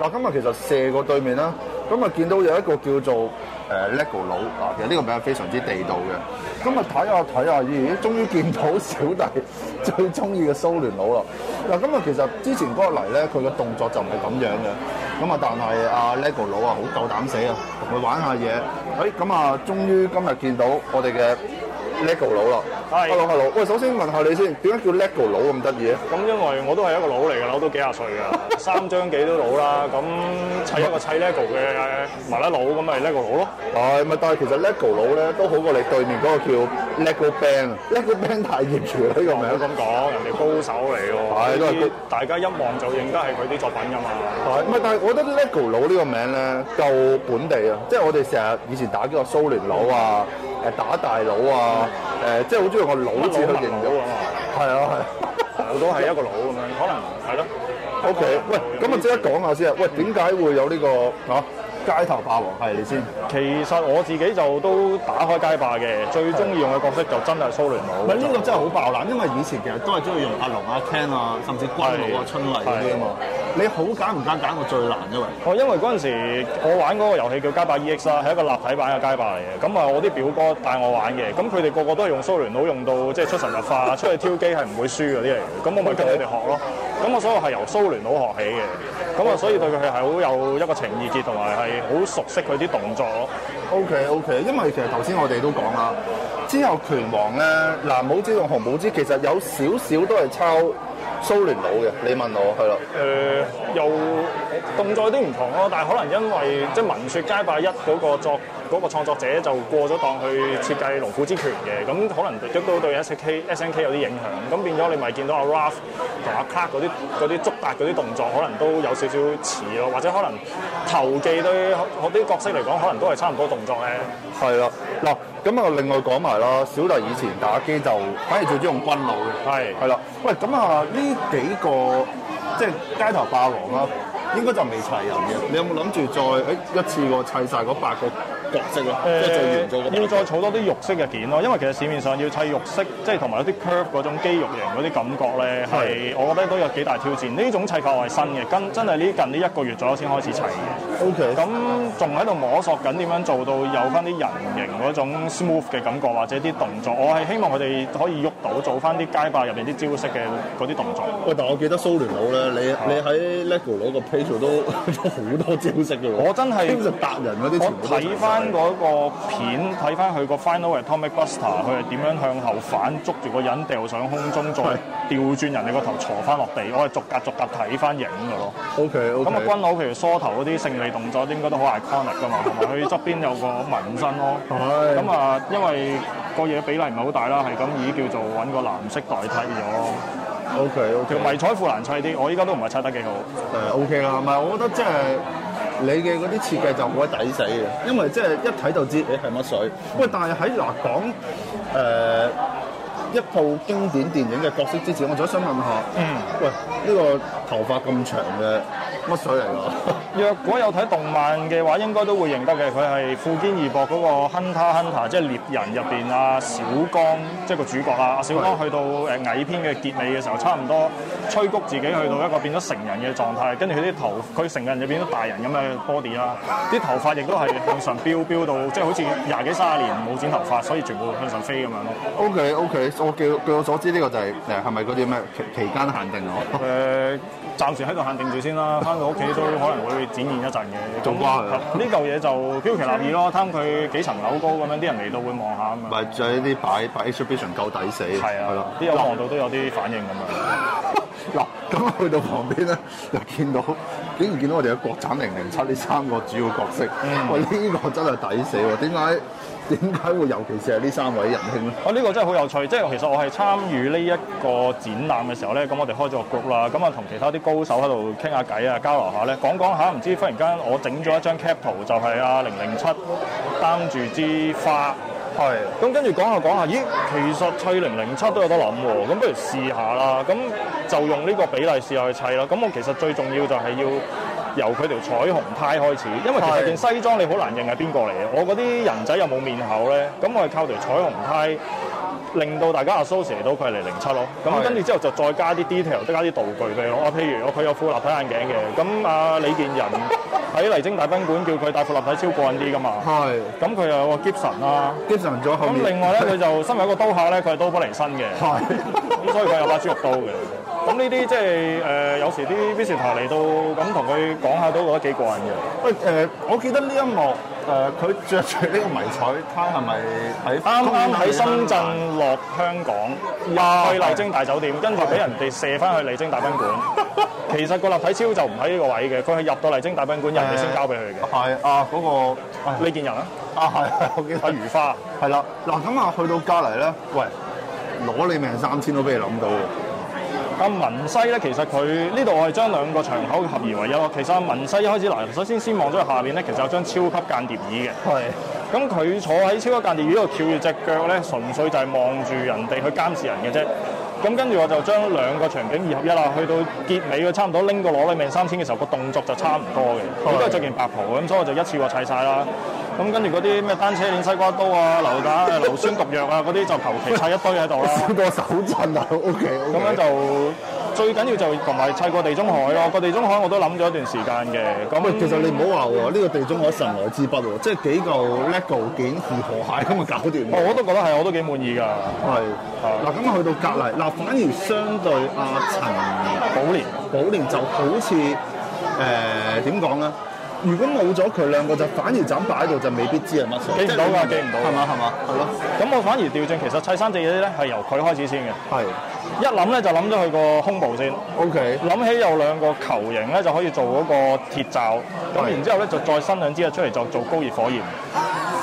嗱，今日其實射過對面啦，咁啊見到有一個叫做誒、呃、lego 佬，嗱，其實呢個名非常之地道嘅。今日睇下睇下，咦、哎，終於見到小弟最中意嘅蘇聯佬啦！嗱、啊，咁啊其實之前嗰個嚟咧，佢嘅動作就唔係咁樣嘅，咁啊但係阿 lego 佬啊好夠膽死啊，同佢玩下嘢。誒、哎，咁、嗯、啊終於今日見到我哋嘅。lego 佬咯，係，hello hello，喂，首先問下你先，點解叫 lego 佬咁得意咧？咁因為我都係一個佬嚟嘅，佬都幾廿歲㗎， 三張幾都老啦。咁砌一個砌 lego 嘅麻甩佬，咁咪 lego 佬咯。係，咪但係其實 lego 佬咧都好過你對面嗰個叫 lego band, lego band，lego band 太業餘啦，呢、呢個名咁講，人哋高手嚟 都係大家一望就認得係佢啲作品㗎嘛。係，唔但係我覺得 lego 佬呢個名咧夠本地啊，即係 我哋成日以前打嗰個蘇聯佬啊。 誒打大佬啊！誒即係好中意個佬字去形容啊嘛，係啊係，我都係一個佬咁樣，可能係咯。O K，喂，咁啊即刻講下先啊，喂，點解會有呢個嚇街頭霸王係你先？其實我自己就都打開街霸嘅，最中意用嘅角色就真係蘇聯佬。唔係呢個真係好爆冷，因為以前其實都係中意用阿龍阿 Ken 啊，甚至關佬啊、春麗嗰啲啊嘛。你好揀唔揀揀，我最難因為哦，因為嗰陣時我玩嗰個遊戲叫街霸 EX 啦，係一個立體版嘅街霸嚟嘅。咁啊，我啲表哥帶我玩嘅，咁佢哋個個都係用蘇聯佬用到即係出神入化， 出去挑機係唔會輸嗰啲嚟嘅。咁我咪跟佢哋學咯。咁 Okay. 我所以係由蘇聯佬學起嘅。咁啊，所以對佢係好有一個情意結同埋係好熟悉佢啲動作咯。OK OK，因為其實頭先我哋都講啦，之後拳王咧，藍帽子同紅帽子其實有少少都係抄蘇聯佬嘅，你問我係咯。誒，有、呃。動作都唔同咯，但係可能因為即係《文說街霸一》嗰個作嗰、嗰個創作者就過咗檔去設計《龍虎之拳》嘅，咁可能亦都對 S K S N K 有啲影響，咁變咗你咪見到阿 Ralph 同阿 Clark 嗰啲啲觸達嗰啲動作，可能都有少少似咯、啊，或者可能投技對啲角色嚟講，可能都係差唔多動作咧。係啦，嗱，咁啊，另外講埋啦，小弟以前打機就反而最中意用軍佬嘅，係係啦。喂，咁啊，呢幾個即係、就是、街頭霸王啦、啊。應該就未齊人嘅，你有冇諗住再誒、哎、一次過砌晒嗰八個？角色咯，呃、即係做完咗，要再儲多啲肉色嘅件咯，因為其實市面上要砌肉色，即係同埋一啲 curve 嗰種肌肉型嗰啲感覺咧，係的我覺得都有幾大挑戰。呢種砌法我係新嘅，嗯、跟真係呢近呢一個月左右先開始砌嘅。O K、嗯。咁仲喺度摸索緊點樣做到有翻啲人形嗰種 smooth 嘅感覺或者啲動作。我係希望佢哋可以喐到，做翻啲街霸入面啲招式嘅嗰啲動作。喂，但我記得蘇聯佬咧，你你喺 LEGO 攞個 pose 都好多招式嘅，我真係。其實達人啲全部都。跟嗰個片睇翻佢個 Final Atomic Buster，佢係點樣向後反捉住個人掉上空中，再調轉人哋個頭坐翻落地。我係逐格逐格睇翻影嘅咯。OK OK。咁啊，軍佬譬如梳頭嗰啲勝利動作，應該都好係 iconic 㗎嘛，同埋佢側邊有個紋身咯。係。咁啊，因為個嘢比例唔係好大啦，係咁以叫做揾個藍色代替咗。OK OK。迷彩褲難砌啲，我依家都唔係砌得幾好。誒 OK 啦，唔係我覺得即係。你嘅嗰啲設計就好鬼抵死嘅，因為即係一睇就知，你係乜水。喂，但係喺嗱講誒、呃、一套經典電影嘅角色之前，我仲想問下，嗯，喂呢個頭髮咁長嘅，乜水嚟㗎？ 若果有睇動漫嘅話，應該都會認得嘅。佢係富堅義博嗰個 Hunter Hunter 即係獵人入邊啊。小剛，即係個主角啊。阿小剛去到誒矮片嘅結尾嘅時候，差唔多吹谷自己去到一個變咗成人嘅狀態，跟住佢啲頭，佢成人就變咗大人咁嘅 body 啦。啲頭髮亦都係向上飆飆到， 即係好似廿幾三十年冇剪頭髮，所以全部向上飛咁樣咯。OK OK，我據據我所知呢、這個就係誒係咪嗰啲咩期期間限定啊？誒、 呃，暫時喺度限定住先啦。 屋企都可能會展現一陣嘅，做瓜。呢嚿嘢就標奇立異咯，貪佢幾層樓高咁樣，啲人嚟到會望下咁樣。咪就係啲擺擺 show 非常夠抵死，係啊，係啦的，啲人望到都有啲反應咁啊。嗱、 嗯，咁去到旁邊咧，就見到竟然見到我哋嘅國產零零漆呢三個主要角色，喂、嗯，呢個真係抵死喎，點解？點解會尤其是係呢三位人兄咧？啊，呢、呢個真係好有趣，即係其實我係參與呢一個展覽嘅時候咧，咁我哋開咗個局啦，咁啊同其他啲高手喺度傾下偈啊，交流下咧，講講下，唔知忽然間我整咗一張 cap 圖，就係、係、啊零零漆擔住支花，係，咁跟住講下講下，咦，其實砌零零漆都有得諗喎，咁不如試下啦，咁就用呢個比例試下去砌啦，咁我其實最重要就係要。由佢條彩虹呔開始，因為其實件西裝你好難認係邊個嚟嘅。我嗰啲人仔又冇面口咧，咁我係靠條彩虹呔令到大家 associate 到佢係嚟零零漆咯。咁跟住之後就再加啲 detail，即係加啲道具俾我。我譬如我佢有副立體眼鏡嘅，咁啊李健仁喺麗晶大賓館叫佢戴副立體超過癮啲㗎嘛。係。咁佢又有個 Gibson 啦 Gibson 咗後面。咁另外咧，佢就身為一個刀客咧，佢係刀不離身嘅，咁所以佢有把豬肉刀嘅。咁呢啲即係誒有時啲 visitor 嚟到咁同佢講下都覺得幾過癮嘅。喂誒、呃，我記得呢一幕誒，佢着住呢個迷彩，佢係咪喺啱啱喺深圳落香港去麗晶大酒店，啊哎、跟住俾人哋射翻去麗晶大賓館。其實個立體超就唔喺呢個位嘅，佢係入到麗晶大賓館人哋先交俾佢嘅。係啊，嗰個李健仁啊，嗰個哎、人啊係，阿如花。係、哎、啦，嗱、哎、咁啊，啊，去到隔籬咧，喂，攞你命三千都俾 拿你諗到。咁、啊、文西咧，其實佢呢度我係將兩個場口合而為一咯。其實、啊、文西一開始嚟、啊，首先先望咗下面咧，其實有張超級間諜椅嘅。係的。咁佢、嗯、坐喺超級間諜椅度翹住隻腳咧，純粹就係望住人哋去監視人嘅啫。咁、嗯、跟住我就將兩個場景二合一啦。去到結尾佢差唔多拎個攞你命三千嘅時候，個動作就差唔多嘅。應該著件白袍咁，所以我就一次過砌晒啦。咁跟住嗰啲咩單車鏈、西瓜刀啊、榴彈、硫酸毒藥啊，嗰啲就求其砌一堆喺度啦。少個 手震啊，OK, okay。咁樣就最緊要就同埋砌個地中海咯，啊。個地中海我都諗咗一段時間嘅。咁其實你唔好話喎，呢、呢個地中海神來之筆喎，即係幾嚿 lego 究竟係何解？咁啊？搞掂。我都覺得係，我都幾滿意㗎。係嗱， 咁、uh, 去到隔離，嗱，反而相對阿陳寶蓮，寶蓮就好似誒點講咧？呃如果冇咗佢兩個就反而就咁擺喺度就未必知係乜事，記唔到㗎，記唔到，係嘛係嘛，係咯。咁 我反而調轉，其實砌三隻嘢咧係由佢開始先嘅。係是。一諗咧就諗咗佢個胸部先。O K。諗起有兩個球形咧就可以做嗰個鐵罩，咁是然之後咧就再伸兩支嘢出嚟就做高熱火焰。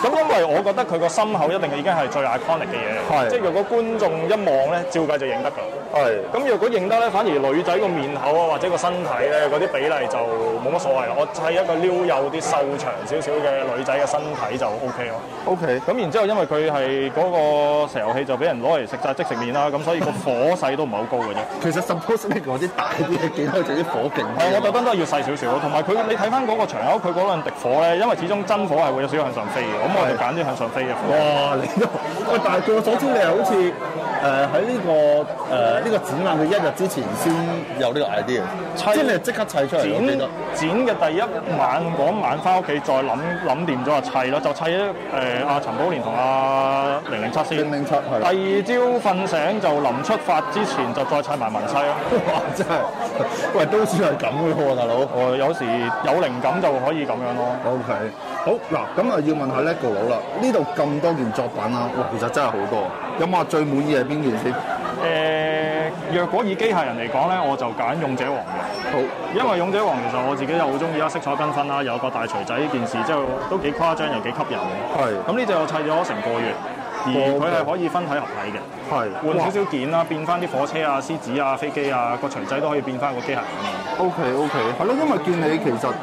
咁 因為我覺得佢個心口一定已經係最 iconic 嘅嘢，即係如果觀眾一望咧，照計就認得㗎。係，咁若、嗯、果認得咧，反而女仔個面口啊，或者個身體咧，嗰啲比例就冇乜所謂啦。我砌一個撩幼啲瘦長少少嘅女仔嘅身體就 OK 咯。OK，咁、嗯、然之後因為佢係嗰個石油氣就俾人攞嚟食曬即食麪啦，咁所以個火勢都唔係好高嘅啫 。其實 suppose 嗰啲大啲嘅幾多隻啲火勁？係、嗯，我特登都係要細少少咯。同埋佢，你睇翻嗰個場口，佢嗰陣滴火咧，因為始終真火係會有少少向上飛嘅，咁我哋揀啲向上飛嘅。哇、 嗯，你都喂，但係據我所知，你好似誒喺呢個誒。呃嗯呢個展覽，佢一日之前先有呢個 idea，是即係你即刻砌出嚟。展展嘅第一晚嗰晚翻屋企再諗諗掂咗就砌咯，就砌咗誒阿陳寶蓮同阿零零七先。零零七係。第二朝瞓醒就臨出發之前就再砌埋文西。哇！真係，喂，都算係咁嘅大佬。我、呃、有時有靈感就可以咁樣咯、啊。OK，好嗱，咁啊要問下叻哥佬啦，呢度咁多件作品啊，哇，其實真係好多。咁啊，最滿意係邊件先？誒、欸。若果以機械人嚟講咧，我就揀勇者王。好，因為勇者王其實我自己又好中意啦，色彩繽紛啦，有個大錘仔，呢件事，之後都幾誇張、嗯、又幾吸引。係是。咁呢隻我砌咗成個月，而佢係可以分體合體嘅。係、哦。Okay, 換少少件啦，哇變翻啲火車啊、獅子啊、飛機啊、個錘仔都可以變翻個機械人。O K O K，係咯，因為見你其實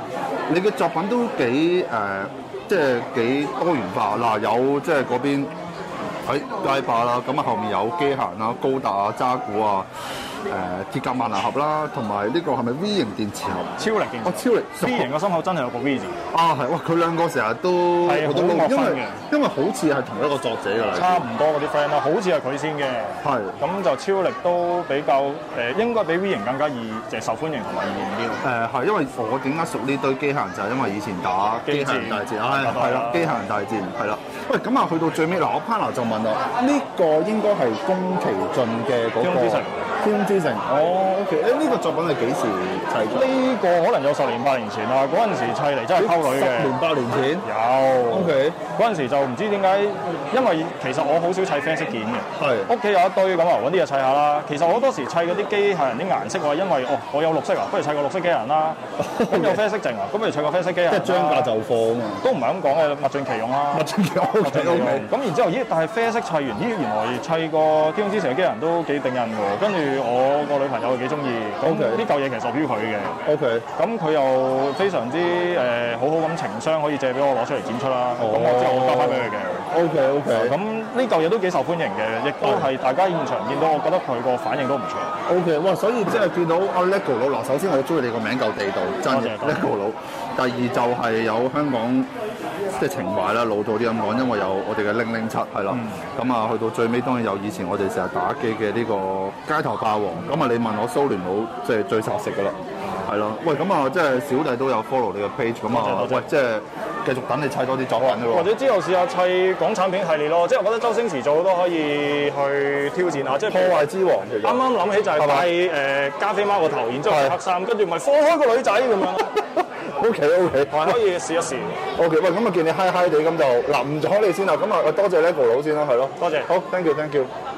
你嘅作品都幾誒，uh, 即係幾多元化。嗱，有即係嗰邊。街霸啦，咁啊、哎、後面有機械啦、高達啊、扎古啊。誒鐵甲萬能俠啦，同埋呢個係咪 V 型電池盒？超力電池超力 V 型嘅心口真係有個 V 字啊！係哇，佢兩個成日都好多因為因為好似係同一個作者嘅嚟，差唔多嗰啲 friend 啦，好似係佢先嘅係咁就超力都比較誒，應該比 V 型更加易誒受歡迎同埋熱門啲誒係因為我點解熟呢堆機械人就係因為以前打機械人大戰係啦，機械人大戰係啦，喂咁啊去到最尾嗱，我 partner 就問我呢個應該係宮崎駿嘅嗰個哦，OK，誒呢個作品係幾時砌？呢個可能有十年八年前啦、啊，嗰陣時砌嚟真係溝女嘅。十年八年前有 OK，嗰陣時就唔知點解，因為其實我好少砌啡色件嘅。係屋企有一堆咁啊，揾啲嘢砌下啦。其實我好多時砌嗰啲機械人啲顏色，話因為哦，我有綠色啊，不如砌個綠色機人啦。咁 Okay. 有啡色剩啊，咁不如砌個啡色機人。即係將價就貨啊嘛，都唔係咁講嘅，物盡其用啦、啊。物盡其用，物盡其用。咁然之後，咦？但係啡色砌完，咦？原來砌個天空之城嘅機人都幾定人喎。跟住我。我個女朋友係幾中意，咁呢舊嘢其實屬於佢嘅。OK，咁佢又非常之誒、呃，好好咁情商可以借俾我攞出嚟展出啦。咁、oh. 我之後交翻俾佢嘅。OK OK。咁呢舊嘢都幾受歡迎嘅，oh. 亦都係大家現場見到，我覺得佢個反應都唔錯。OK，哇！所以即係見到阿 LEGO 佬，嗱，首先我中意你個名夠地道，真嘅 LEGO 佬。謝謝。第二就係有香港即係情懷啦，老道啲咁講，因為有我哋嘅零零七係啦，咁啊去到最尾當然有以前我哋成日打機嘅呢個街頭霸王，咁啊你問我蘇聯佬即係最殺食噶啦。係咯，喂，咁啊，即係小弟都有 follow 你嘅 page 咁啊，喂，即、就、係、是、繼續等你砌多啲作品或者之後試下砌港產片系列咯，即係我覺得周星馳組都可以去挑戰下，即係破壞之王、就是。啱啱諗起就係砌加菲貓個頭，是然之後黑衫，跟住咪放開個女仔咁是樣。 OK，OK，Okay, okay. 可以試一試。OK，喂，咁啊，見你嗨嗨地咁就嗱，唔、啊、阻你先啊。咁啊，多謝 LEGO 佬先啦，係咯， 多謝，好，thank you，thank you。You.